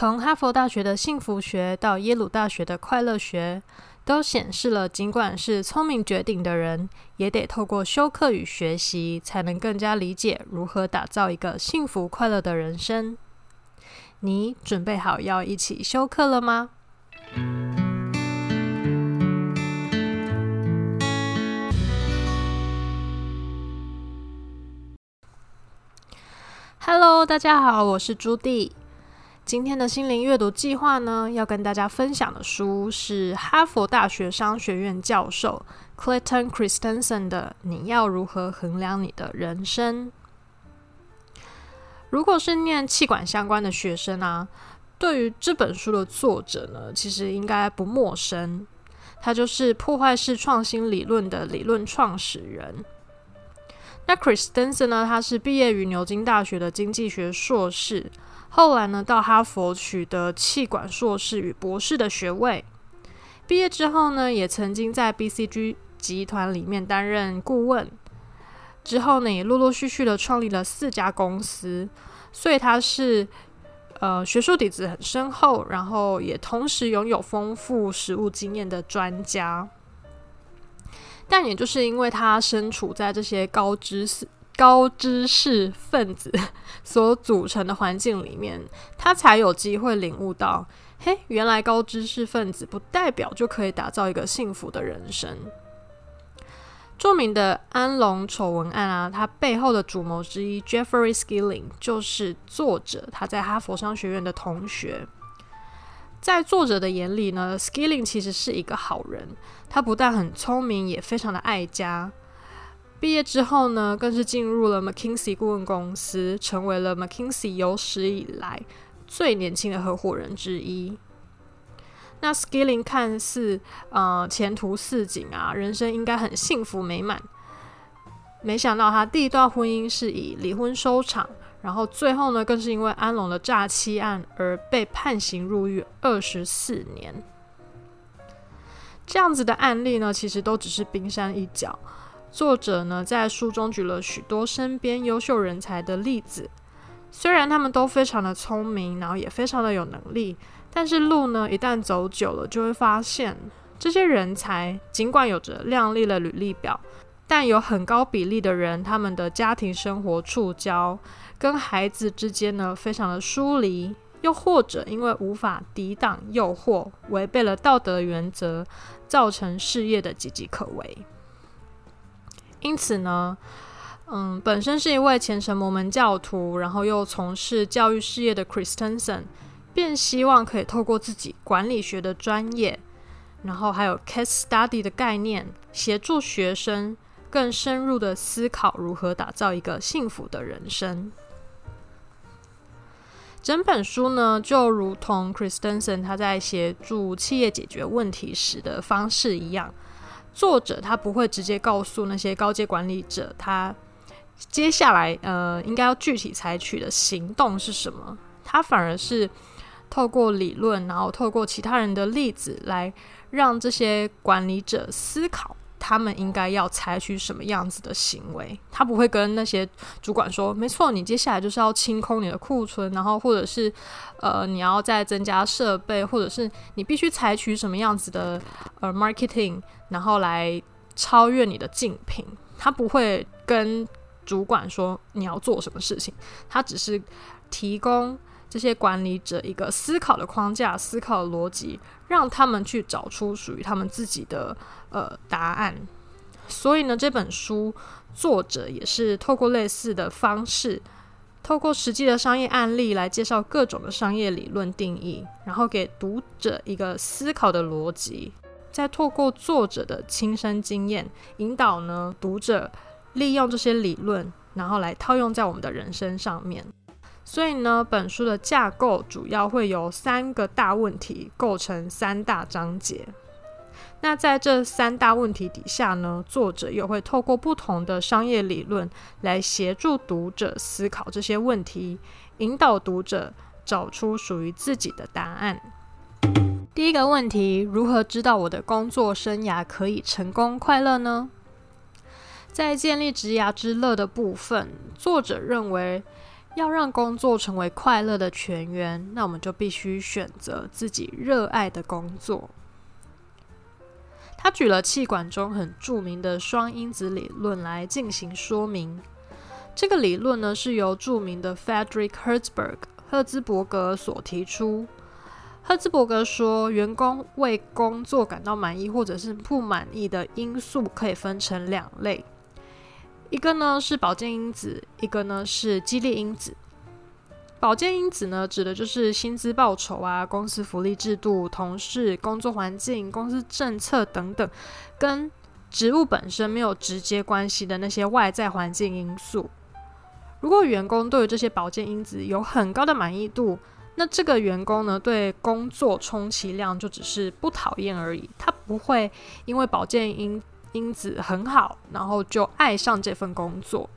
從哈佛大學的幸福學到耶魯大學的快樂學，都顯示了，儘管是聰明絕頂的人，也得透過修課與學習，才能更加理解如何打造一個幸福快樂的人生。你準備好要一起修課了嗎？Hello，大家好，我是朱迪。今天的心靈閱讀計劃呢，要跟大家分享的書是哈佛大學商學院教授 Clayton Christensen 的《你要如何衡量你的人生》。如果是念企管相關的學生啊，對於這本書的作者呢，其實應該不陌生。他就是破壞式創新理論的理論創始人。那 Christensen 呢，他是畢業於牛津大學的經濟學碩士。後來呢，到哈佛取得企管碩士與博士的學位。畢業之後呢，也曾經在 BCG 集團裡面擔任顧問。之後呢，也陸陸續續的創立了四家公司。所以他是，呃，學術底子很深厚，然後也同時擁有豐富實務經驗的專家。但也就是因為他身處在這些高知識。高知識分子所組成的環境裡面，他才有機會領悟到，嘿，原來高知識分子不代表就可以打造一個幸福的人生。著名的安隆醜聞案啊，它背後的主謀之一 Jeffrey Skilling 就是作者他在哈佛商學院的同學。在作者的眼裡呢，Skilling 其實是一個好人，他不但很聰明，也非常的愛家。畢業之後呢，更是進入了 McKinsey 顧問公司，成為了 McKinsey 有史以來最年輕的合夥人之一。那 Skilling 看似呃前途似錦啊，人生應該很幸福美滿，沒想到他第一段婚姻是以離婚收場，然後最後呢，更是因為安龍的詐欺案而被判刑入獄二十四年。這樣子的案例呢，其實都只是冰山一角。作者呢，在書中舉了許多身邊優秀人才的例子，雖然他們都非常的聰明，然後也非常的有能力，但是路呢，一旦走久了，就會發現這些人才儘管有着亮麗的履歷表，但有很高比例的人，他們的家庭生活觸礁，跟孩子之間呢，非常的疏離，又或者因為無法抵擋誘惑，違背了道德原則，造成事業的岌岌可危。因此呢，嗯，本身是一位虔誠摩門教徒，然後又從事教育事業的 Christensen 便希望可以透過自己管理學的專業，然後還有 case study 的概念，協助學生更深入的思考如何打造一個幸福的人生。整本書呢，就如同 Christensen 他在協助企業解決問題時的方式一樣。作者他不會直接告訴那些高階管理者他接下來，呃，應該要具體採取的行動是什麼，他反而是透過理論，然後透過其他人的例子來讓這些管理者思考。他們應該要採取什麼樣子的行為？他不會跟那些主管說：“沒錯，你接下來就是要清空你的庫存，然後或者是呃，你要再增加設備，或者是你必須採取什麼樣子的呃 marketing，然後來超越你的競品。”他不會跟主管說你要做什麼事情，他只是提供。這些管理者，一個思考的框架、思考的邏輯，讓他們去找出屬於他們自己的呃答案。所以呢，這本書作者也是透過類似的方式，透過實際的商業案例來介紹各種的商業理論定義，然後給讀者一個思考的邏輯，再透過作者的親身經驗，引導呢讀者利用這些理論，然後來套用在我們的人生上面。所以呢，本書的架構主要會由三個大問題構成三大章節。那在這三大問題底下呢，作者又會透過不同的商業理論來協助讀者思考這些問題，引導讀者找出屬於自己的答案。第一個問題：如何知道我的工作生涯可以成功快樂呢？在建立職涯之樂的部分，作者認為。要讓工作成為快樂的泉源，那我們就必須選擇自己熱愛的工作。他舉了企管中很著名的雙因子理論來進行說明。這個理論呢，是由著名的 Frederick Herzberg 赫茲伯格所提出。赫茲伯格說，員工為工作感到滿意或者是不滿意的因素可以分成兩類。一個呢是保健因子，一個呢是激勵因子。保健因子呢，指的就是薪資報酬啊、公司福利制度、同事、工作環境、公司政策等等，跟職務本身沒有直接關係的那些外在環境因素。如果員工對於這些保健因子有很高的滿意度，那這個員工呢，對工作充其量就只是不討厭而已，他不會因為保健因因子很好，然後就愛上這份工作，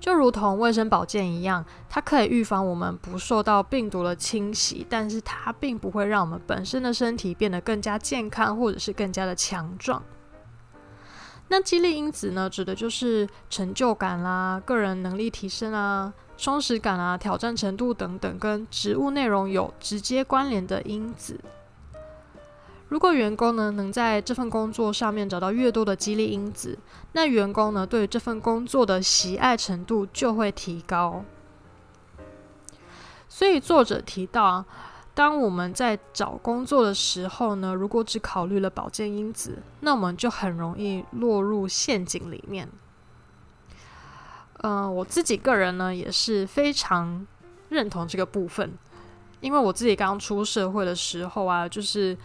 就如同衛生保健一樣，它可以預防我們不受到病毒的侵襲，但是它並不會讓我們本身的身體變得更加健康或者是更加的強壯。那激勵因子呢，指的就是成就感啦、個人能力提升啊、充實感啊、挑戰程度等等，跟職務內容有直接關聯的因子。如果員工呢能在這份工作上面找到越多的激勵因子，那員工呢對這份工作的喜愛程度就會提高。所以作者提到，當我們在找工作的時候呢，如果只考慮了保健因子，那我們就很容易落入陷阱裡面。嗯、呃，我自己個人呢也是非常認同這個部分，因為我自己剛出社會的時候啊，就是，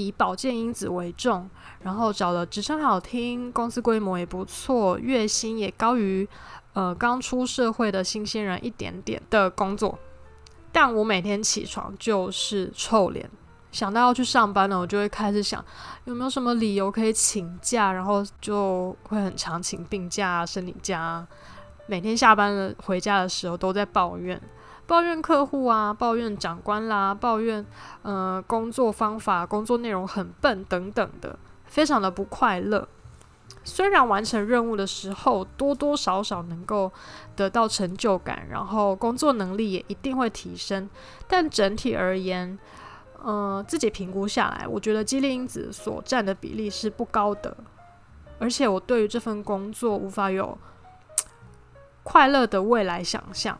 以保健因子為重，然後找了職稱好聽、公司規模也不錯、月薪也高於呃剛出社會的新鮮人一點點的工作。但我每天起床就是臭臉，想到要去上班了，我就會開始想有沒有什麼理由可以請假，然後就會很常請病假、啊、生理假、啊。每天下班了回家的時候都在抱怨。抱怨客戶啊，抱怨長官啦，抱怨呃工作方法、工作內容很笨等等的，非常的不快樂。雖然完成任務的時候多多少少能夠得到成就感，然後工作能力也一定會提升，但整體而言，呃自己評估下來，我覺得激勵因子所占的比例是不高的，而且我對於這份工作無法有快樂的未來想象。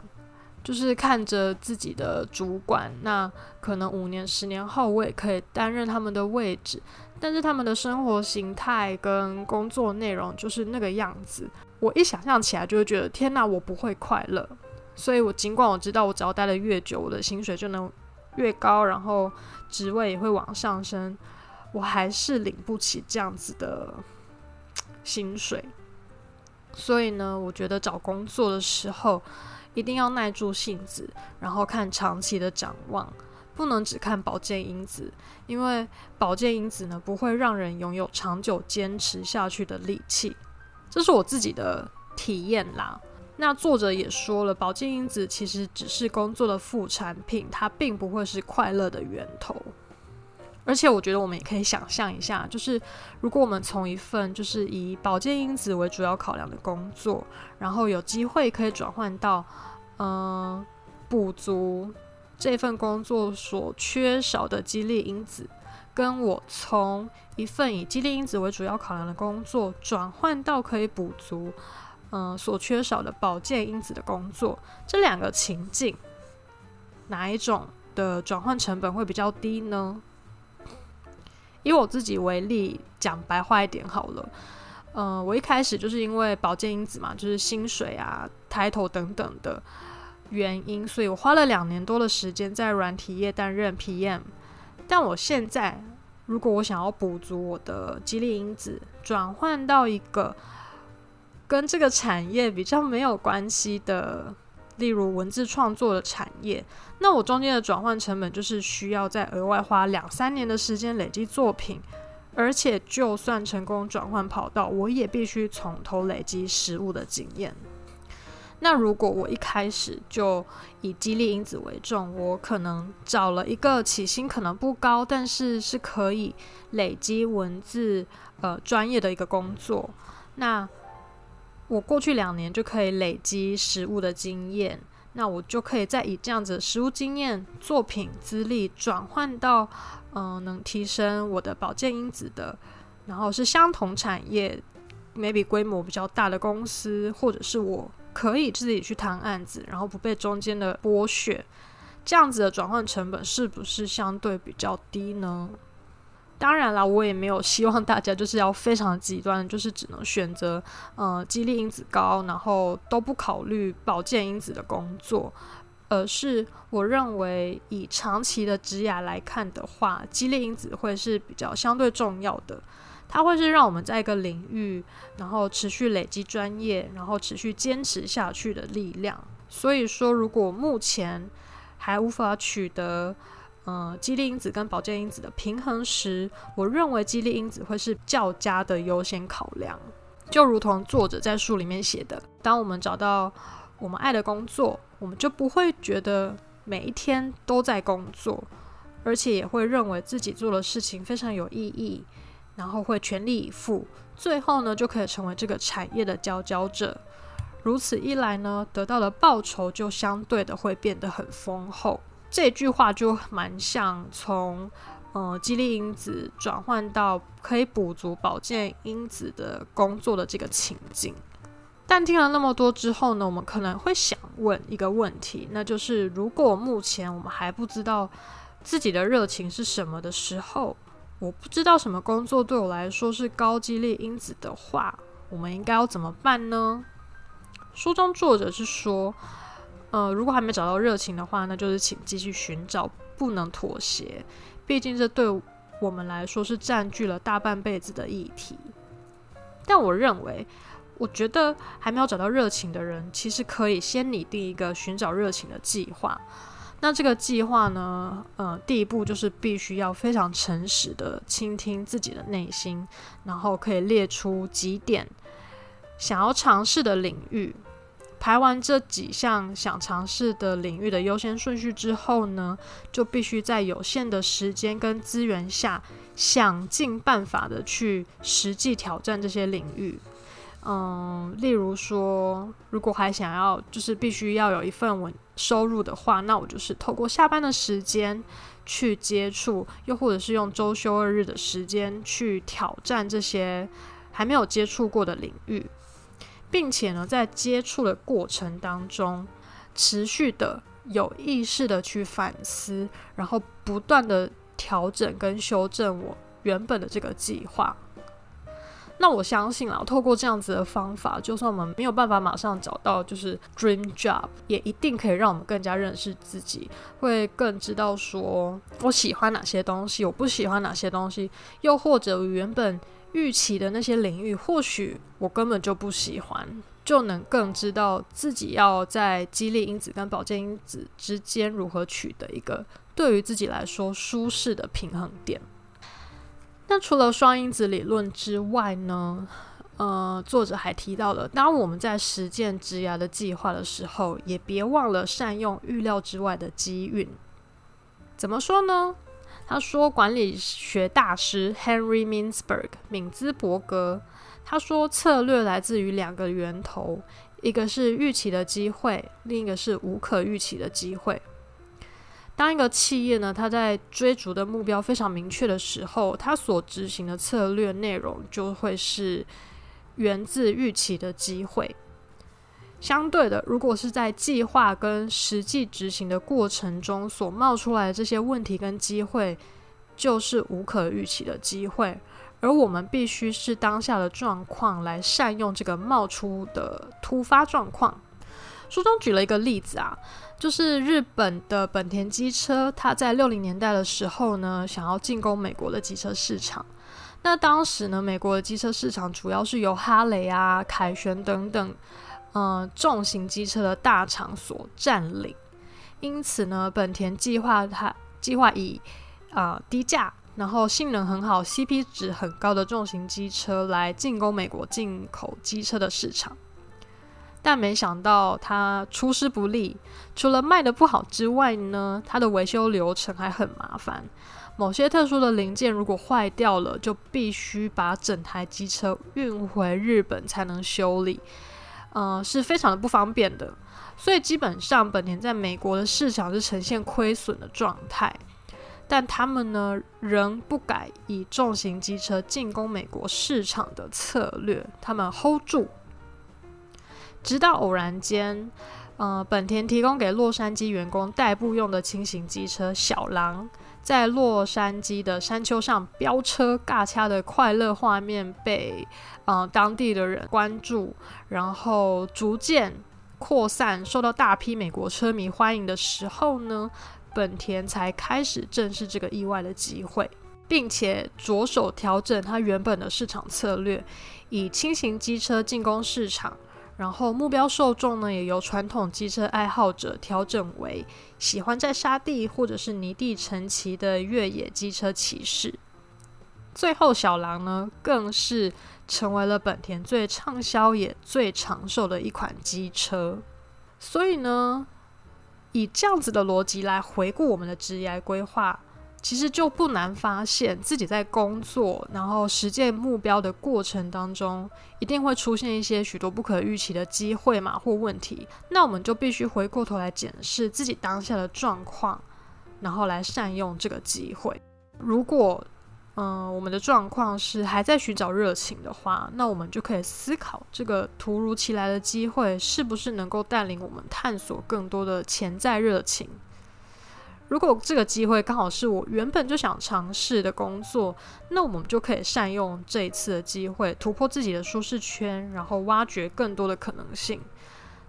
就是看着自己的主管，那可能五年、十年後，我也可以擔任他們的位置，但是他們的生活形態跟工作內容就是那個樣子。我一想象起來，就會覺得天哪，我不會快樂。所以我，我儘管我知道，我只要待得越久，我的薪水就能越高，然後職位也會往上升，我還是領不起這樣子的薪水。所以呢，我覺得找工作的時候，一定要耐住性子，然後看長期的展望，不能只看保健因子，因為保健因子呢，不會讓人擁有長久堅持下去的力氣，這是我自己的體驗啦。那作者也說了，保健因子其實只是工作的副產品，它並不會是快樂的源頭。而且我覺得我們也可以想象一下，就是如果我們從一份就是以保健因子為主要考量的工作，然後有機會可以轉換到。嗯，補足這份工作所缺少的激勵因子，跟我從一份以激勵因子為主要考量的工作轉換到可以補足嗯所缺少的保健因子的工作，這兩個情境，哪一種的轉換成本會比較低呢？以我自己為例，講白話一點好了。嗯、呃，我一開始就是因為保健因子嘛，就是薪水啊、title 等等的原因，所以我花了兩年多的時間在軟體業擔任 PM。但我現在，如果我想要補足我的激勵因子，轉換到一個跟這個產業比較沒有關係的，例如文字創作的產業，那我中間的轉換成本就是需要再額外花兩三年的時間累積作品。而且，就算成功轉換跑道，我也必須從頭累積實務的經驗。那如果我一開始就以激勵因子為重，我可能找了一個起薪可能不高，但是是可以累積文字呃專業的一個工作。那我過去兩年就可以累積實務的經驗，那我就可以再以這樣子實務經驗、作品、資歷轉換到。嗯、呃，能提升我的保健因子的，然後是相同產業，maybe 規模比較大的公司，或者是我可以自己去談案子，然後不被中間的剝削，這樣子的轉換成本是不是相對比較低呢？當然啦，我也沒有希望大家就是要非常極端，就是只能選擇嗯、呃、激勵因子高，然後都不考慮保健因子的工作。而是我認為，以長期的職涯來看的話，激勵因子會是比較相對重要的。它會是讓我們在一個領域，然後持續累積專業，然後持續堅持下去的力量。所以說，如果目前還無法取得，嗯、呃，激勵因子跟保健因子的平衡時，我認為激勵因子會是較佳的優先考量。就如同作者在書裡面寫的，當我們找到我們愛的工作，我們就不會覺得每一天都在工作，而且也會認為自己做的事情非常有意義，然後會全力以赴，最後呢就可以成為這個產業的佼佼者。如此一來呢，得到的報酬就相對的會變得很豐厚。這句話就蠻像從呃激勵因子轉換到可以補足保健因子的工作的這個情境。但聽了那麼多之後呢，我們可能會想問一個問題，那就是如果目前我們還不知道自己的熱情是什麼的時候，我不知道什麼工作對我來說是高激勵因子的話，我們應該要怎麼辦呢？書中作者是說，呃，如果還沒找到熱情的話，那就是請繼續尋找，不能妥協，畢竟這對我們來說是佔據了大半輩子的議題。但我認為。我覺得還沒有找到熱情的人，其實可以先擬定一個尋找熱情的計劃。那這個計劃呢，呃，第一步就是必須要非常誠實的傾聽自己的內心，然後可以列出幾點想要嘗試的領域。排完這幾項想嘗試的領域的優先順序之後呢，就必須在有限的時間跟資源下，想盡辦法的去實際挑戰這些領域。嗯，例如說，如果還想要就是必須要有一份穩定收入的話，那我就是透過下班的時間去接觸，又或者是用周休二日的時間去挑戰這些還沒有接觸過的領域，並且呢，在接觸的過程當中，持續的有意識的去反思，然後不斷的調整跟修正我原本的這個計劃。那我相信啦，透過這樣子的方法，就算我們沒有辦法馬上找到就是 dream job，也一定可以讓我們更加認識自己，會更知道說我喜歡哪些東西，我不喜歡哪些東西，又或者原本預期的那些領域，或許我根本就不喜歡，就能更知道自己要在激勵因子跟保健因子之間如何取得一個對於自己來說舒適的平衡點。那除了雙因子理論之外呢？呃，作者還提到了，當我們在實踐職涯的計劃的時候，也別忘了善用預料之外的機運。怎麼說呢？他說，管理學大師 Henry m i n s b e r g 敏茲伯格）他說，策略來自於兩個源頭，一個是預期的機會，另一個是無可預期的機會。當一個企業呢，它在追逐的目標非常明確的時候，它所執行的策略內容就會是源自預期的機會。相對的，如果是在計劃跟實際執行的過程中所冒出來的這些問題跟機會，就是無可預期的機會。而我們必須是當下的狀況來善用這個冒出的突發狀況。書中舉了一個例子啊，就是日本的本田機車，它在六零年代的時候呢，想要進攻美國的機車市場。那當時呢，美國的機車市場主要是由哈雷啊、凱旋等等，嗯、呃，重型機車的大廠所佔領。因此呢，本田計劃它計劃以啊、呃、低價，然後性能很好、CP 值很高的重型機車來進攻美國進口機車的市場。但沒想到他出師不利，除了賣得不好之外呢，它的維修流程還很麻煩。某些特殊的零件如果壞掉了，就必須把整台機車運回日本才能修理，呃，是非常的不方便的。所以基本上，本田在美國的市場是呈現虧損的狀態。但他們呢，仍不改以重型機車進攻美國市場的策略，他們 hold 住。直到偶然間，呃，本田提供給洛杉磯員工代步用的輕型機車“小狼”在洛杉磯的山丘上飆車尬掐的快樂畫面被呃當地的人關注，然後逐漸擴散，受到大批美國車迷歡迎的時候呢，本田才開始正視這個意外的機會，並且着手調整它原本的市場策略，以輕型機車進攻市場。然後目標受眾呢，也由傳統機車愛好者調整為喜歡在沙地或者是泥地乘騎的越野機車騎士。最後，小狼呢，更是成為了本田最暢銷也最長壽的一款機車。所以呢，以這樣子的邏輯來回顧我們的職業規劃。其實就不難發現自己在工作，然後實踐目標的過程當中，一定會出現一些許多不可預期的機會嘛，或問題。那我們就必須回過頭來檢視自己當下的狀況，然後來善用這個機會。如果，嗯、呃，我們的狀況是還在尋找熱情的話，那我們就可以思考這個突如其來的機會是不是能夠帶領我們探索更多的潛在熱情。如果這個機會剛好是我原本就想嘗試的工作，那我們就可以善用這一次的機會，突破自己的舒適圈，然後挖掘更多的可能性。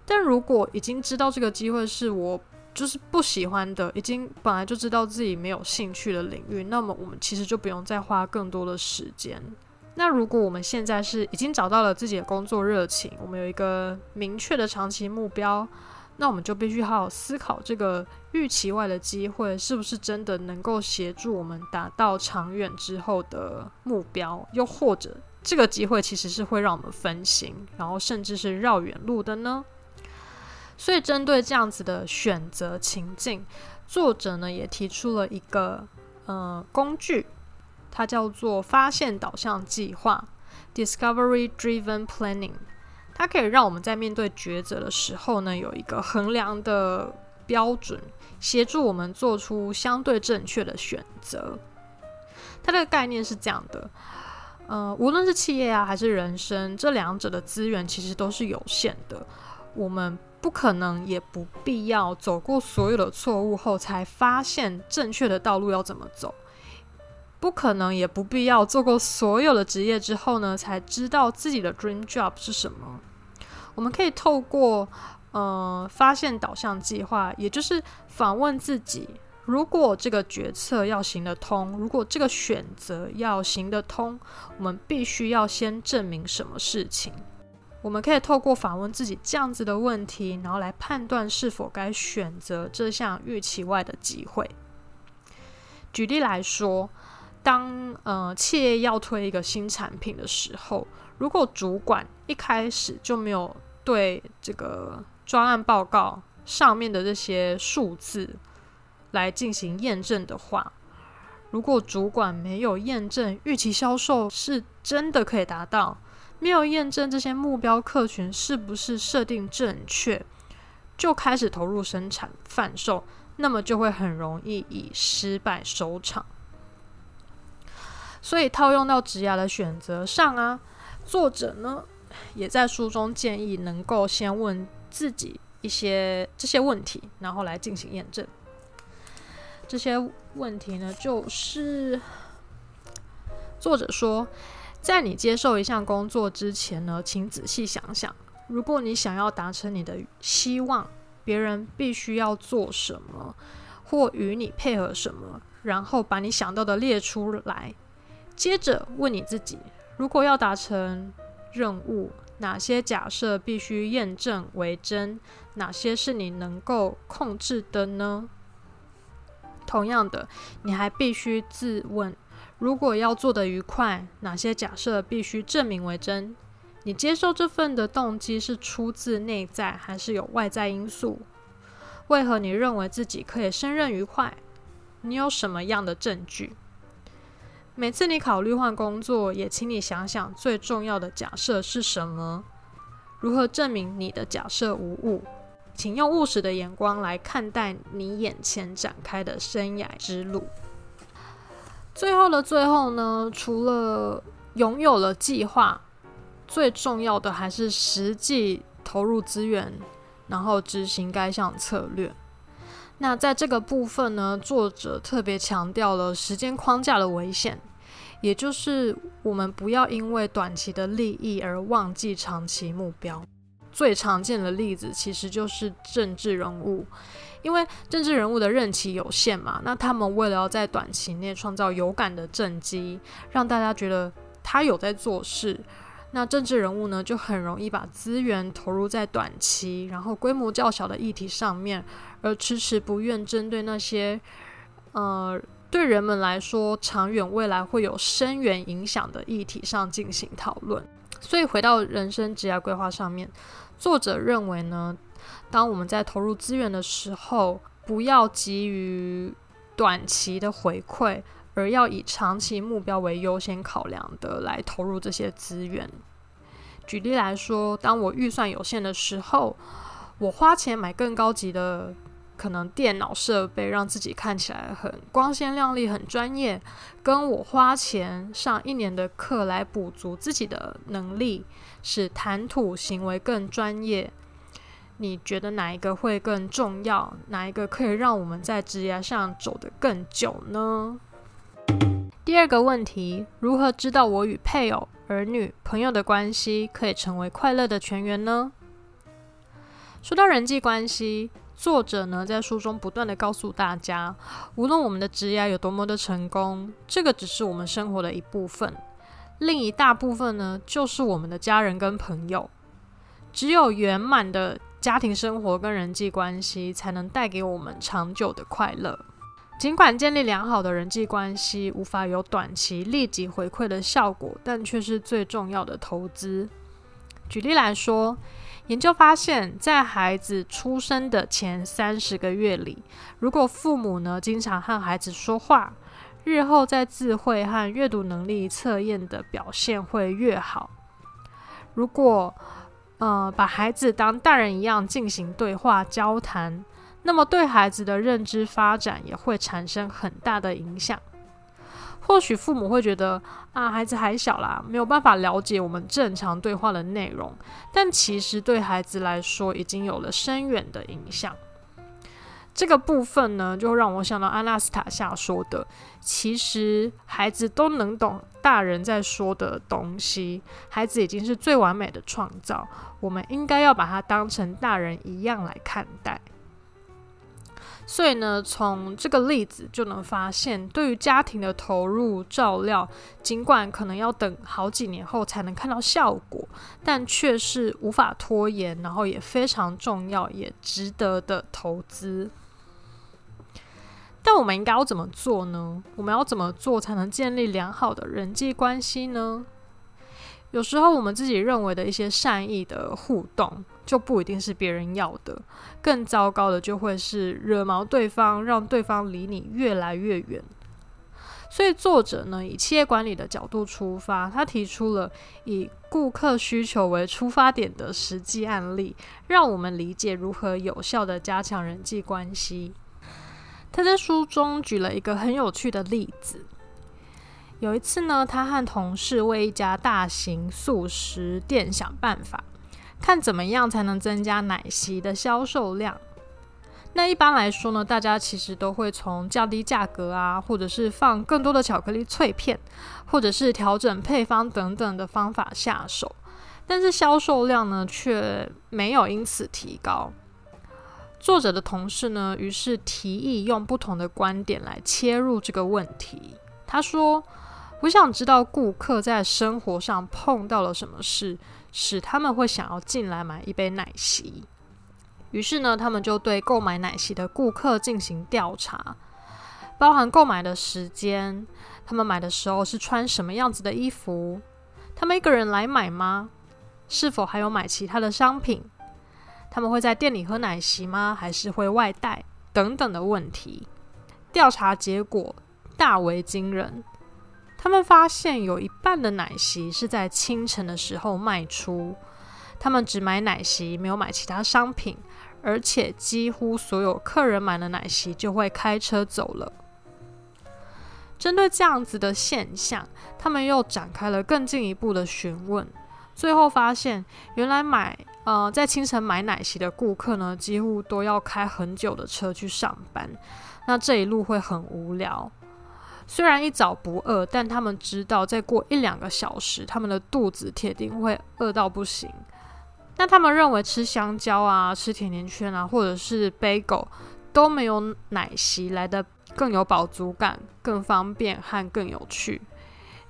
但如果已經知道這個機會是我就是不喜歡的，已經本來就知道自己沒有興趣的領域，那麼我們其實就不用再花更多的時間。那如果我們現在是已經找到了自己的工作熱情，我們有一個明確的長期目標，那我們就必須好好思考，這個預期外的機會是不是真的能夠協助我們達到長遠之後的目標？又或者，這個機會其實是會讓我們分心，然後甚至是繞遠路的呢？所以，針對這樣子的選擇情境，作者呢也提出了一個呃工具，它叫做發現導向計劃 （Discovery Driven Planning）。它可以讓我們在面對抉擇的時候呢，有一個衡量的標準，協助我們做出相對正確的選擇。它這個概念是這樣的，嗯、呃，無論是企業啊，還是人生，這兩者的資源其實都是有限的，我們不可能也不必要走過所有的錯誤後，才發現正確的道路要怎麼走。不可能，也不必要做過所有的職業之後呢，才知道自己的 dream job 是什麼。我們可以透過，呃，發現導向計劃，也就是訪問自己。如果這個決策要行得通，如果這個選擇要行得通，我們必須要先證明什麼事情。我們可以透過訪問自己這樣子的問題，然後來判斷是否該選擇這項預期外的機會。舉例來說。當呃企業要推一個新產品的時候，如果主管一開始就沒有對這個專案報告上面的這些數字來進行驗證的話，如果主管沒有驗證預期銷售是真的可以達到，沒有驗證這些目標客群是不是設定正確，就開始投入生產販售，那麼就會很容易以失敗收場。所以套用到職涯的選擇上啊，作者呢也在書中建議，能夠先問自己一些這些問題，然後來進行驗證。這些問題呢，就是作者說，在你接受一項工作之前呢，請仔細想想，如果你想要達成你的希望，別人必須要做什麼，或與你配合什麼，然後把你想到的列出來。接着問你自己：如果要達成任務，哪些假設必須驗證為真？哪些是你能夠控制的呢？同樣的，你還必須自問：如果要做得愉快，哪些假設必須證明為真？你接受這份的動機是出自內在還是有外在因素？為何你認為自己可以勝任愉快？你有什麼樣的證據？每次你考慮換工作，也請你想想最重要的假設是什麼？如何證明你的假設無誤？請用務實的眼光來看待你眼前展開的生涯之路。最後的最後呢，除了擁有了計劃，最重要的還是實際投入資源，然後執行該項策略。那在這個部分呢，作者特別強調了時間框架的危險。也就是我們不要因為短期的利益而忘記長期目標。最常見的例子其實就是政治人物，因為政治人物的任期有限嘛，那他們為了要在短期內創造有感的政績，讓大家覺得他有在做事，那政治人物呢就很容易把資源投入在短期，然後規模較小的議題上面，而遲遲不願針對那些，呃，對人們來說，長遠未來會有深遠影響的議題上進行討論。所以回到人生職業規劃上面，作者認為呢，當我們在投入資源的時候，不要急於短期的回饋，而要以長期目標為優先考量的來投入這些資源。舉例來說，當我預算有限的時候，我花錢買更高級的。可能電腦設備讓自己看起來很光鮮亮麗、很專業，跟我花錢上一年的課來補足自己的能力，使談吐行為更專業。你覺得哪一個會更重要？哪一個可以讓我們在職業上走得更久呢？第二個問題：如何知道我與配偶、兒女、朋友的關係可以成為快樂的泉源呢？說到人際關係。作者呢，在書中不斷地告訴大家，無論我們的職業有多麼的成功，這個只是我們生活的一部分。另一大部分呢，就是我們的家人跟朋友。只有圓滿的家庭生活跟人際關係，才能帶給我們長久的快樂。儘管建立良好的人際關係無法有短期立即回饋的效果，但卻是最重要的投資。舉例來說，研究發現，在孩子出生的前三十個月裡，如果父母呢經常和孩子說話，日後在智慧和閱讀能力測驗的表現會越好。如果呃把孩子當大人一樣進行對話交談，那麼對孩子的認知發展也會產生很大的影響。或許父母會覺得啊，孩子還小啦，沒有辦法了解我們正常對話的內容。但其實對孩子來說，已經有了深遠的影響。這個部分呢，就讓我想到安娜斯塔夏說的：其實孩子都能懂大人在說的東西，孩子已經是最完美的創造，我們應該要把它當成大人一樣來看待。所以呢，從這個例子就能發現，對於家庭的投入照料，儘管可能要等好幾年後才能看到效果，但卻是無法拖延，然後也非常重要、也值得的投資。但我們應該要怎麼做呢？我們要怎麼做才能建立良好的人際關係呢？有時候我們自己認為的一些善意的互動，就不一定是別人要的，更糟糕的就會是惹毛對方，讓對方離你越來越遠。所以作者呢，以企業管理的角度出發，他提出了以顧客需求為出發點的實際案例，讓我們理解如何有效的加強人際關係。他在書中舉了一個很有趣的例子，有一次呢，他和同事為一家大型速食店想辦法。看怎麼樣才能增加奶昔的銷售量。那一般來說呢，大家其實都會從降低價格啊，或者是放更多的巧克力脆片，或者是調整配方等等的方法下手，但是銷售量呢，卻沒有因此提高。作者的同事呢，於是提議用不同的觀點來切入這個問題。他說：“我想知道顧客在生活上碰到了什麼事。”使他們會想要進來買一杯奶昔，於是呢，他們就對購買奶昔的顧客進行調查，包含購買的時間，他們買的時候是穿什麼樣子的衣服，他們一個人來買嗎？是否還有買其他的商品？他們會在店裡喝奶昔嗎？還是會外帶等等的問題。調查結果大為驚人。他們發現有一半的奶昔是在清晨的時候賣出，他們只買奶昔，沒有買其他商品，而且幾乎所有客人買了奶昔就會開車走了。針對這樣子的現象，他們又展開了更進一步的詢問，最後發現原來買，呃，在清晨買奶昔的顧客呢，幾乎都要開很久的車去上班，那這一路會很無聊。雖然一早不餓，但他們知道再過一兩個小時，他們的肚子鐵定會餓到不行。那他們認為吃香蕉啊、吃甜甜圈啊，或者是貝果都沒有奶昔來得更有飽足感、更方便和更有趣。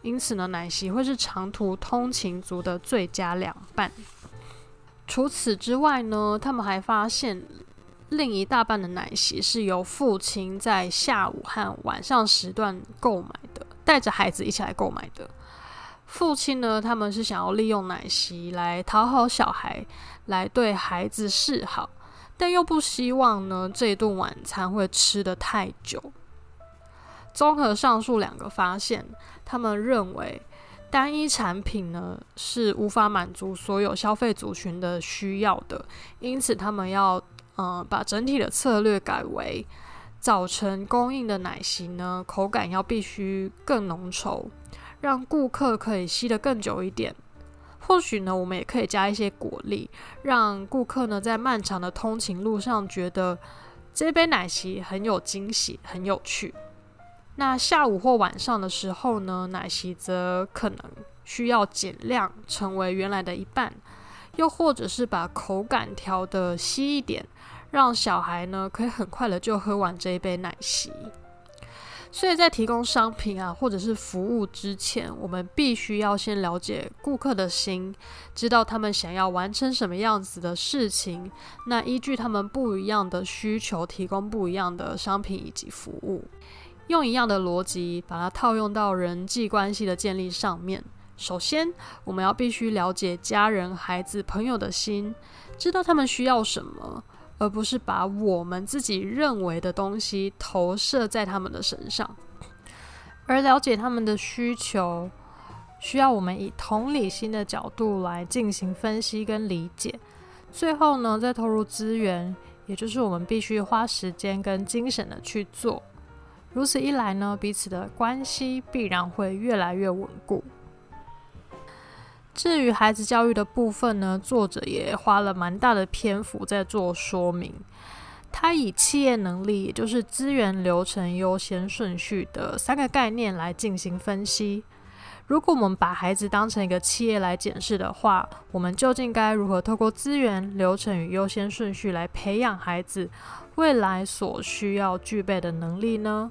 因此呢，奶昔會是長途通勤族的最佳良伴。除此之外呢，他們還發現。另一大半的奶昔是由父親在下午和晚上時段購買的，帶着孩子一起來購買的。父親呢，他們是想要利用奶昔來討好小孩，來對孩子示好，但又不希望呢這頓晚餐會吃得太久。綜合上述兩個發現，他們認為單一產品呢是無法滿足所有消費族群的需要的，因此他們要。嗯，把整體的策略改為早晨供應的奶昔呢，口感要必須更濃稠，讓顧客可以吸得更久一點。或許呢，我們也可以加一些果粒，讓顧客呢在漫長的通勤路上覺得這杯奶昔很有驚喜、很有趣。那下午或晚上的時候呢，奶昔則可能需要減量，成為原來的一半。又或者是把口感調得稀一點，讓小孩呢可以很快的就喝完這一杯奶昔。所以在提供商品啊或者是服務之前，我們必須要先了解顧客的心，知道他們想要完成什麼樣子的事情。那依據他們不一樣的需求，提供不一樣的商品以及服務。用一樣的邏輯，把它套用到人際關係的建立上面。首先，我們要必須了解家人、孩子、朋友的心，知道他們需要什麼，而不是把我們自己認為的東西投射在他們的身上。而了解他們的需求，需要我們以同理心的角度來進行分析跟理解。最後呢，再投入資源，也就是我們必須花時間跟精神的去做。如此一來呢，彼此的關係必然會越來越穩固。至於孩子教育的部分呢，作者也花了蠻大的篇幅在做說明。他以企業能力，也就是資源流程優先順序的三個概念來進行分析。如果我們把孩子當成一個企業來檢視的話，我們究竟該如何透過資源流程與優先順序來培養孩子未來所需要具備的能力呢？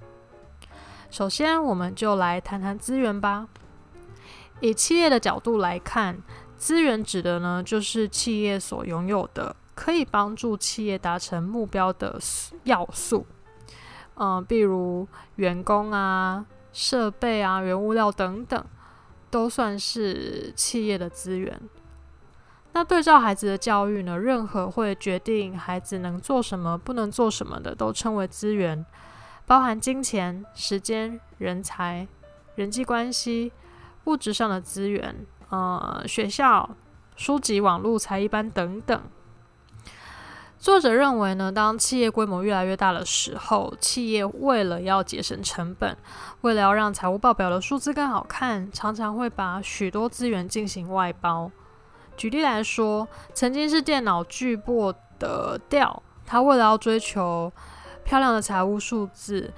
首先，我們就來談談資源吧。以企業的角度來看，資源指的呢，就是企業所擁有的可以幫助企業達成目標的要素。嗯、呃，比如員工啊、設備啊、原物料等等，都算是企業的資源。那對照孩子的教育呢，任何會決定孩子能做什麼、不能做什麼的，都稱為資源，包含金錢、時間、人才、人際關係。物質上的資源，呃，學校、書籍、網絡、才藝班等等。作者認為呢，當企業規模越來越大的時候，企業為了要節省成本，為了要讓財務報表的數字更好看，常常會把許多資源進行外包。舉例來說，曾經是電腦巨擘的戴爾，他為了要追求漂亮的財務數字，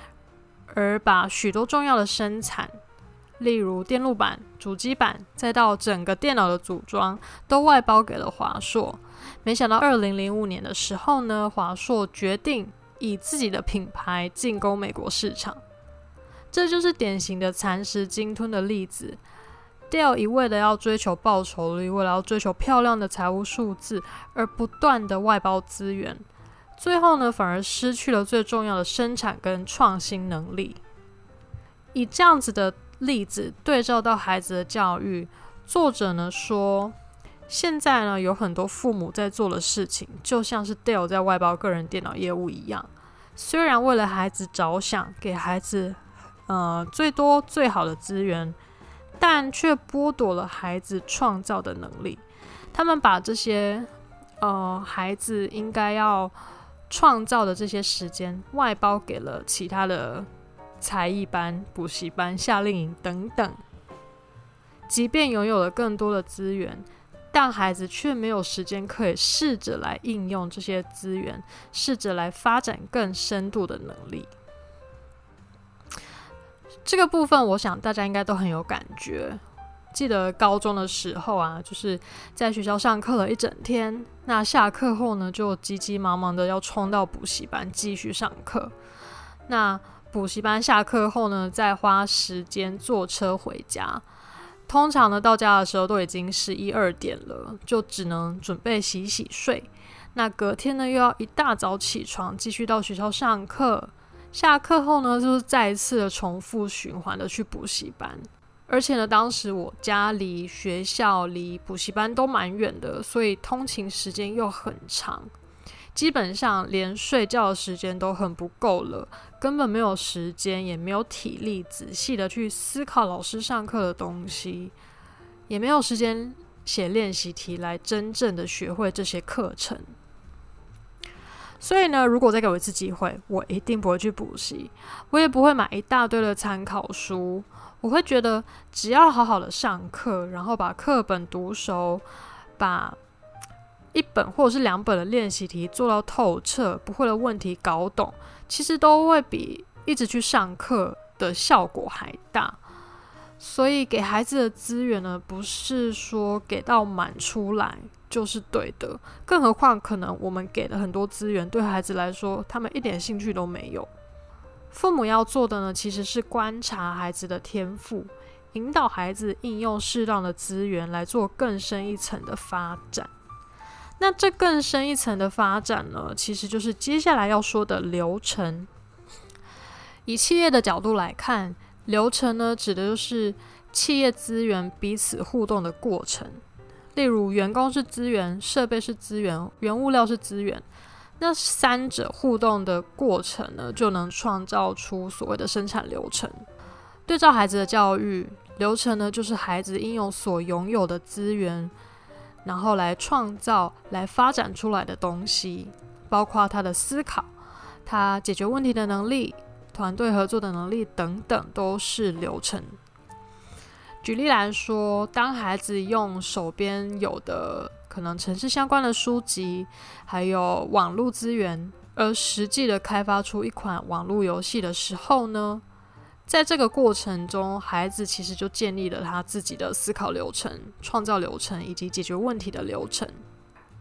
而把許多重要的生產，例如電路板、主機板，再到整個電腦的組裝，都外包給了華碩。沒想到，二零零五年的時候呢，華碩決定以自己的品牌進攻美國市場。這就是典型的蠶食鯨吞的例子。Dell 一味的要追求報酬率，為了要追求漂亮的財務數字，而不斷的外包資源，最後呢，反而失去了最重要的生產跟創新能力。以這樣子的例子對照到孩子的教育，作者呢說，現在呢有很多父母在做的事情，就像是 Dell 在外包個人電腦業務一樣，雖然為了孩子着想，給孩子呃最多最好的資源，但卻剝奪了孩子創造的能力。他們把這些呃孩子應該要創造的這些時間外包給了其他的。才藝班、補習班、夏令營等等，即便擁有了更多的資源，但孩子卻沒有時間可以試着來應用這些資源，試着來發展更深度的能力。這個部分，我想大家應該都很有感覺。記得高中的時候啊，就是在學校上課了一整天，那下課後呢，就急急忙忙的要衝到補習班，繼續上課。那補習班下課後呢，再花時間坐車回家。通常呢，到家的時候都已經十一二點了，就只能準備洗洗睡。那隔天呢，又要一大早起床，繼續到學校上課。下課後呢，就是再一次的重複循環的去補習班。而且呢，當時我家離學校、離補習班都蠻遠的，所以通勤時間又很長。基本上連睡覺的時間都很不夠了，根本沒有時間，也沒有體力仔細的去思考老師上課的東西，也沒有時間寫練習題來真正的學會這些課程。所以呢，如果再給我一次機會，我一定不會去補習，我也不會買一大堆的參考書，我會覺得只要好好的上課，然後把課本讀熟，把一本或者是兩本的練習題做到透徹，不會的問題搞懂，其實都會比一直去上課的效果還大。所以給孩子的資源呢，不是說給到滿出來就是對的。更何況，可能我們給了很多資源，對孩子來說，他們一點興趣都沒有。父母要做的呢，其實是觀察孩子的天賦，引導孩子應用適當的資源來做更深一層的發展。那這更深一層的發展呢，其實就是接下來要說的流程。以企業的角度來看，流程呢，指的就是企業資源彼此互動的過程。例如，員工是資源，設備是資源，原物料是資源，那三者互動的過程呢，就能創造出所謂的生產流程。對照孩子的教育流程呢，就是孩子應用所擁有的資源。然後來創造、來發展出來的東西，包括他的思考、他解決問題的能力、團隊合作的能力等等，都是流程。舉例來說，當孩子用手邊有的可能城市相關的書籍，還有網絡資源，而實際的開發出一款網絡遊戲的時候呢，在這個過程中，孩子其實就建立了他自己的思考流程、創造流程以及解決問題的流程。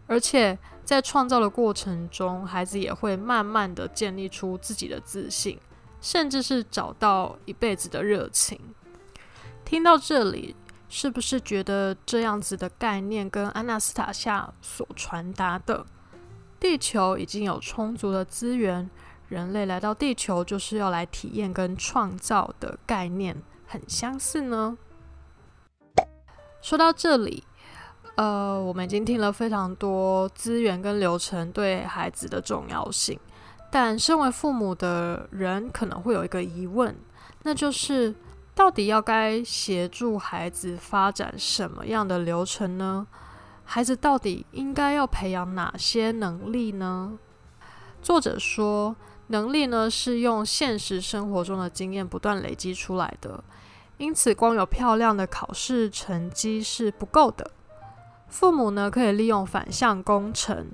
而且在創造的過程中，孩子也會慢慢的建立出自己的自信，甚至是找到一輩子的熱情。聽到這裡，是不是覺得這樣子的概念跟安娜斯塔夏所傳達的，地球已經有充足的資源，人類來到地球就是要來體驗跟創造的概念，很相似呢？說到這裡，呃，我們已經聽了非常多資源跟流程對孩子的重要性，但身為父母的人可能會有一個疑問，那就是到底要該協助孩子發展什麼樣的流程呢？孩子到底應該要培養哪些能力呢？作者說，能力呢，是用現實生活中的經驗不斷累積出來的，因此光有漂亮的考試成績是不夠的。父母呢，可以利用反向工程，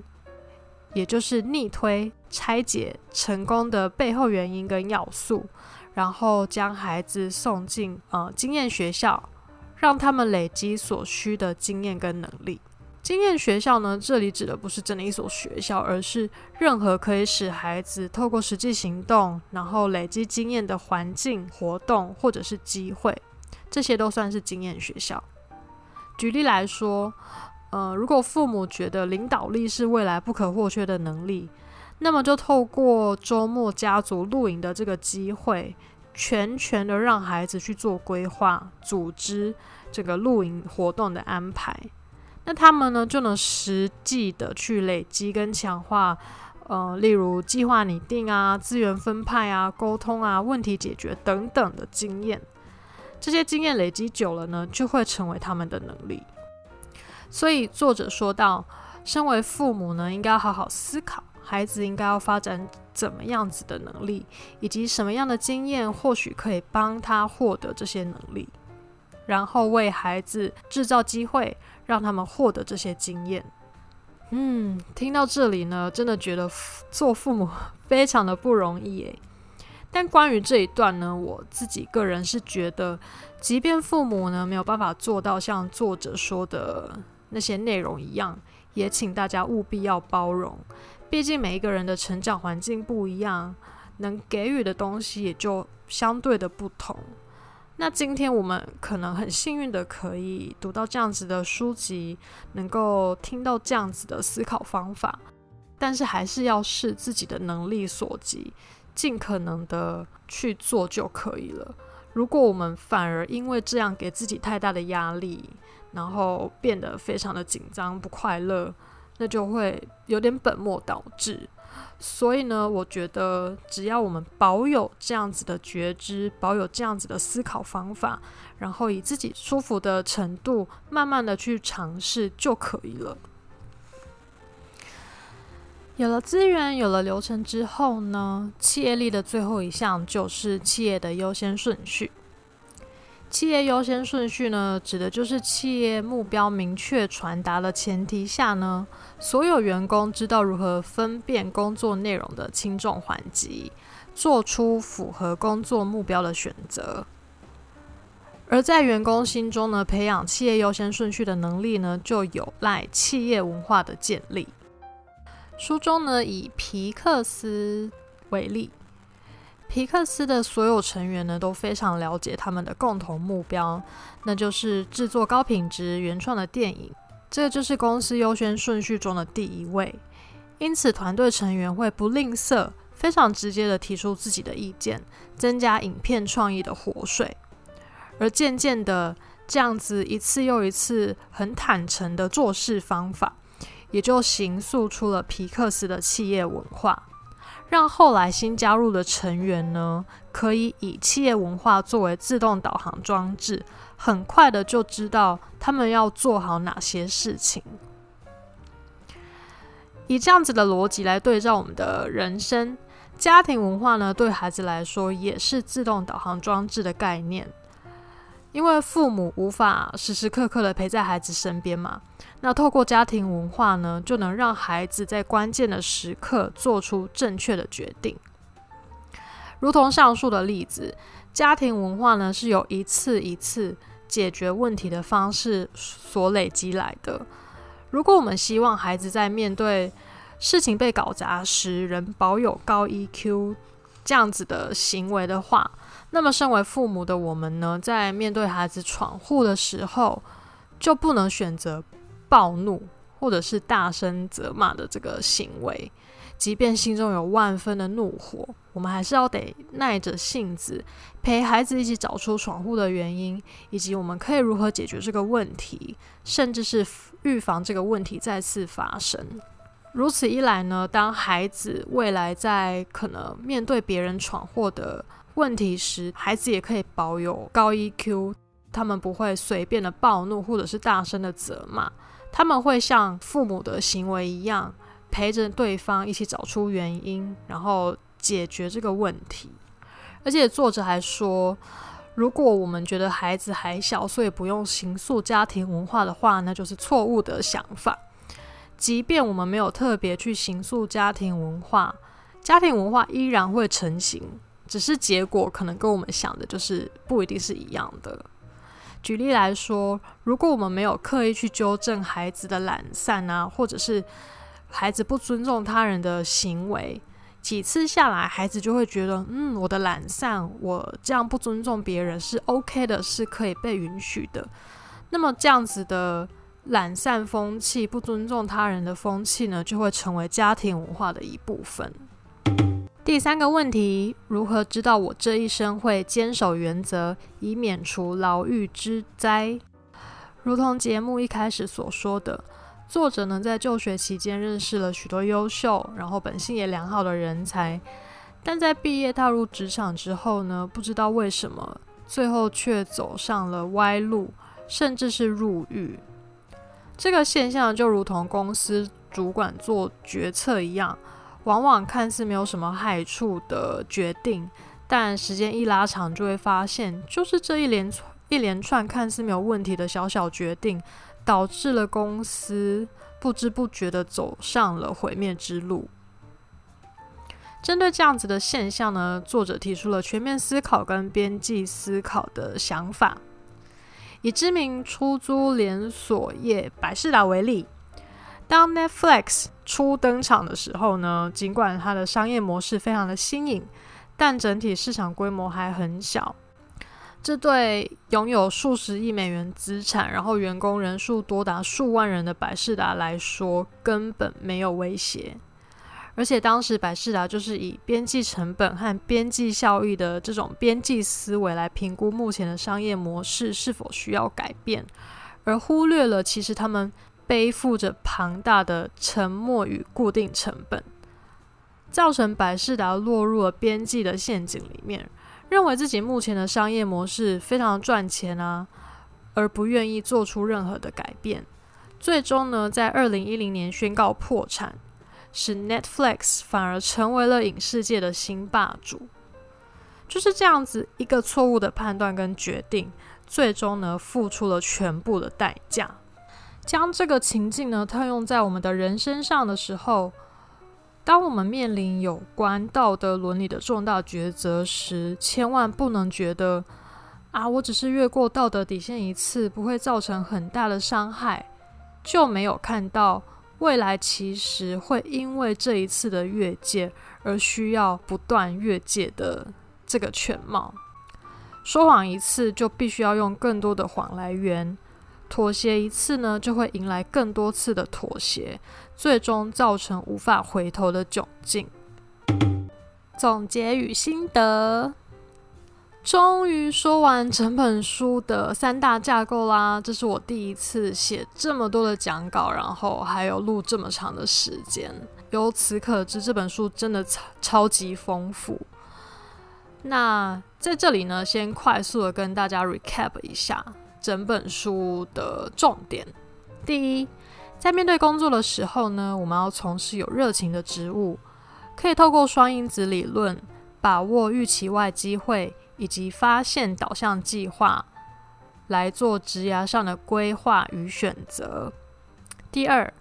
也就是逆推、拆解成功的背後原因跟要素，然後將孩子送進，呃，經驗學校，讓他們累積所需的經驗跟能力。經驗學校呢？這裡指的不是真的一所學校，而是任何可以使孩子透過實際行動，然後累積經驗的環境、活動或者是機會，這些都算是經驗學校。舉例來說，呃，如果父母覺得領導力是未來不可或缺的能力，那麼就透過週末家族露營的這個機會，全權的讓孩子去做規劃、組織這個露營活動的安排。那他們呢，就能實際的去累積跟強化，呃，例如計劃擬定啊、資源分派啊、溝通啊、問題解決等等的經驗。這些經驗累積久了呢，就會成為他們的能力。所以作者說到，身為父母呢，應該好好思考，孩子應該要發展怎麼樣子的能力，以及什麼樣的經驗或許可以幫他獲得這些能力。然後為孩子製造機會，讓他們獲得這些經驗。嗯，聽到這裡呢，真的覺得做父母非常的不容易哎。但關於這一段呢，我自己個人是覺得，即便父母呢沒有辦法做到像作者說的那些內容一樣，也請大家務必要包容。畢竟每一個人的成長環境不一樣，能給予的東西也就相對的不同。那今天我們可能很幸運的可以讀到這樣子的書籍，能夠聽到這樣子的思考方法，但是還是要視自己的能力所及，盡可能的去做就可以了。如果我們反而因為這樣給自己太大的壓力，然後變得非常的緊張不快樂，那就會有點本末倒置。所以呢，我覺得只要我們保有這樣子的覺知，保有這樣子的思考方法，然後以自己舒服的程度，慢慢的去嘗試就可以了。有了資源，有了流程之後呢，企業力的最後一項就是企業的優先順序。企業優先順序呢，指的就是企業目標明確傳達的前提下呢，所有員工知道如何分辨工作內容的輕重緩急，做出符合工作目標的選擇。而在員工心中呢，培養企業優先順序的能力呢，就有賴企業文化的建立。書中呢，以皮克斯為例。皮克斯的所有成員呢，都非常了解他們的共同目標，那就是製作高品質原創的電影。這個就是公司優先順序中的第一位，因此團隊成員會不吝嗇、非常直接地提出自己的意見，增加影片創意的活水。而漸漸的，這樣子一次又一次很坦誠的做事方法，也就形塑出了皮克斯的企業文化。讓後來新加入的成員呢，可以以企業文化作為自動導航裝置，很快的就知道他們要做好哪些事情。以這樣子的邏輯來對照我們的人生，家庭文化呢，對孩子來說也是自動導航裝置的概念。因為父母無法時時刻刻的陪在孩子身邊嘛，那透過家庭文化呢，就能讓孩子在關鍵的時刻做出正確的決定。如同上述的例子，家庭文化呢是由一次一次解決問題的方式所累積來的。如果我們希望孩子在面對事情被搞砸時，仍保有高 EQ 這樣子的行為的話，那麼，身為父母的我們呢，在面對孩子闖禍的時候，就不能選擇暴怒或者是大聲責罵的這個行為。即便心中有萬分的怒火，我們還是要得耐着性子，陪孩子一起找出闖禍的原因，以及我們可以如何解決這個問題，甚至是預防這個問題再次發生。如此一來呢，當孩子未來在可能面對別人闖禍的，問題時，孩子也可以保有高 EQ，他們不會隨便的暴怒，或者是大聲的責罵，他們會像父母的行為一樣，陪着對方一起找出原因，然後解決這個問題。而且作者還說，如果我們覺得孩子還小，所以不用形塑家庭文化的話，那就是錯誤的想法。即便我們沒有特別去形塑家庭文化，家庭文化依然會成型。只是結果可能跟我們想的，就是不一定是一樣的。舉例來說，如果我們沒有刻意去糾正孩子的懶散啊，或者是孩子不尊重他人的行為，幾次下來，孩子就會覺得，嗯，我的懶散，我這樣不尊重別人是 OK 的，是可以被允許的。那麼這樣子的懶散風氣、不尊重他人的風氣呢，就會成為家庭文化的一部分。第三個問題：如何知道我這一生會堅守原則，以免除牢獄之災？如同節目一開始所說的，作者呢，在就學期間認識了許多優秀，然後本性也良好的人才，但在畢業踏入職場之後呢？不知道為什麼，最後卻走上了歪路，甚至是入獄。這個現象就如同公司主管做決策一樣。往往看似沒有什麼害處的決定，但時間一拉長，就會發現，就是這一連串一連串看似沒有問題的小小決定，導致了公司不知不覺地走上了毀滅之路。針對這樣子的現象呢，作者提出了全面思考跟邊際思考的想法。以知名出租連鎖業百視達為例。當 Netflix 初登場的時候呢，儘管它的商業模式非常的新穎，但整體市場規模還很小。這對擁有數十億美元資產、然後員工人數多達數萬人的百視達來說根本沒有威脅。而且當時百視達就是以邊際成本和邊際效益的這種邊際思維來評估目前的商業模式是否需要改變，而忽略了其實他們，背負着龐大的沉沒與固定成本，造成百視達落入了邊際的陷阱裡面，認為自己目前的商業模式非常賺錢啊，而不願意做出任何的改變。最終呢，在二零一零年宣告破產，使 Netflix 反而成為了影視界的新霸主。就是這樣子一個錯誤的判斷跟決定，最終呢，付出了全部的代價。將這個情境呢，套用在我們的人身上的時候，當我們面臨有關道德倫理的重大抉擇時，千萬不能覺得啊，我只是越過道德底線一次，不會造成很大的傷害，就沒有看到未來其實會因為這一次的越界而需要不斷越界的這個全貌。說謊一次，就必須要用更多的謊來圓。妥協一次呢，就會迎來更多次的妥協，最終造成無法回頭的窘境。總結與心得，終於說完整本書的三大架構啦！這是我第一次寫這麼多的講稿，然後還有錄這麼長的時間。由此可知，這本書真的超超級豐富。那在這裡呢，先快速的跟大家 recap 一下。整本書的重點，第一，在面對工作的時候呢，我們要從事有熱情的職務，可以透過雙因子理論把握預期外機會，以及發現導向計劃來做職涯上的規劃與選擇。第二，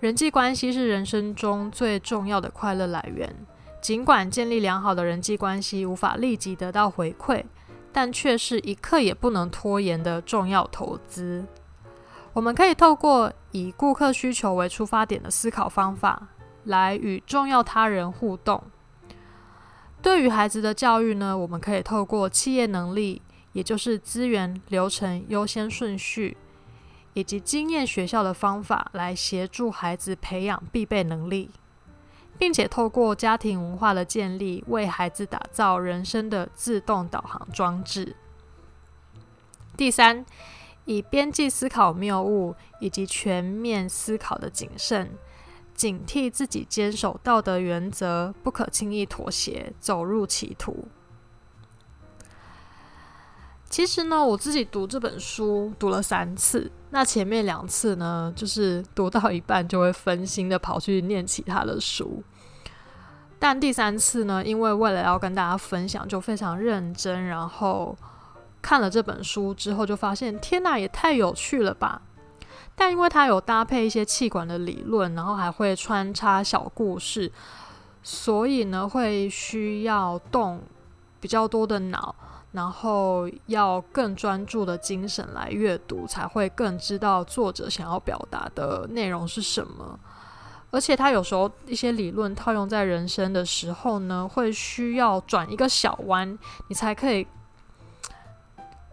人際關係是人生中最重要的快樂來源，儘管建立良好的人際關係無法立即得到回饋。但卻是一刻也不能拖延的重要投資。我們可以透過以顧客需求為出發點的思考方法來與重要他人互動。對於孩子的教育呢，我們可以透過企業能力，也就是資源、流程、優先順序以及經驗學校的方法，來協助孩子培養必備能力。並且透過家庭文化的建立，為孩子打造人生的自動導航裝置。第三，以邊際思考謬誤以及全面思考的謹慎，警惕自己堅守道德原則，不可輕易妥協，走入歧途。其實呢，我自己讀這本書讀了三次。那前面兩次呢，就是讀到一半就會分心的跑去念其他的書，但第三次呢，因為為了要跟大家分享，就非常認真，然後看了這本書之後，就發現天哪，也太有趣了吧！但因為它有搭配一些企管的理論，然後還會穿插小故事，所以呢，會需要動比較多的腦。然後要更專注的精神來閱讀，才會更知道作者想要表達的內容是什麼。而且他有時候一些理論套用在人生的時候呢，會需要轉一個小彎，你才可以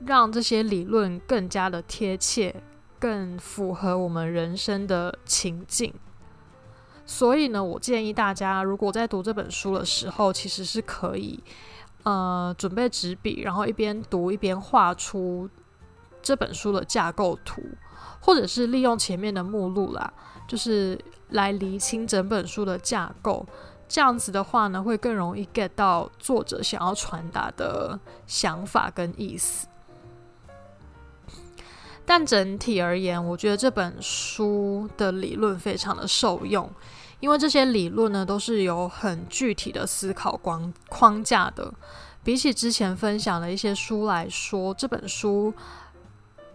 讓這些理論更加的貼切，更符合我們人生的情境。所以呢，我建議大家，如果在讀這本書的時候，其實是可以。呃，準備紙筆，然後一邊讀一邊畫出這本書的架構圖，或者是利用前面的目錄啦，就是來理清整本書的架構。這樣子的話呢，會更容易 get 到作者想要傳達的想法跟意思。但整體而言，我覺得這本書的理論非常的受用。因為這些理論呢，都是有很具體的思考框框架的。比起之前分享的一些書來說，這本書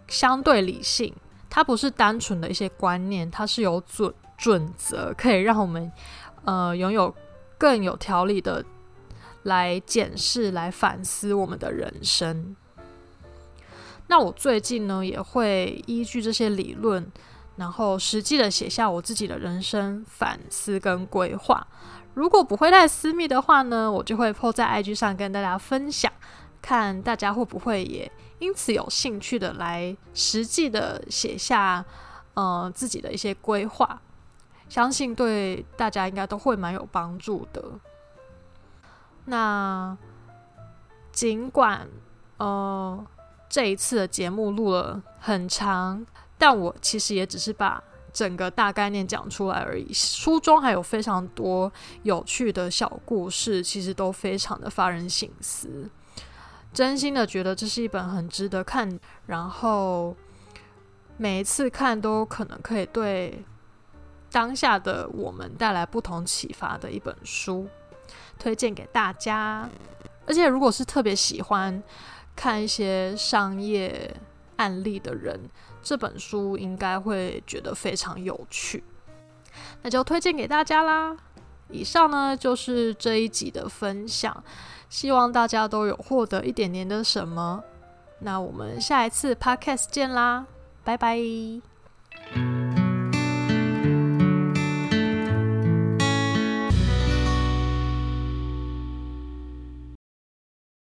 相對理性，它不是單純的一些觀念，它是有準準則，可以讓我們呃擁有更有條理的來檢視、來反思我們的人生。那我最近呢，也會依據這些理論。然後實際的寫下我自己的人生反思跟規劃，如果不會太私密的話呢？我就會 po 在 IG 上跟大家分享，看大家會不會也因此有興趣的來實際的寫下，呃自己的一些規劃，相信對大家應該都會蠻有幫助的。那儘管呃這一次的節目錄了很長。但我其實也只是把整個大概念講出來而已。書中還有非常多有趣的小故事，其實都非常的發人省思。真心的覺得這是一本很值得看，然後每一次看都可能可以對當下的我們帶來不同啟發的一本書，推薦給大家。而且如果是特別喜歡看一些商業案例的人。這本書應該會覺得非常有趣，那就推薦給大家啦。以上呢就是這一集的分享，希望大家都有獲得一點點的什麼。那我們下一次 Podcast 見啦，拜拜。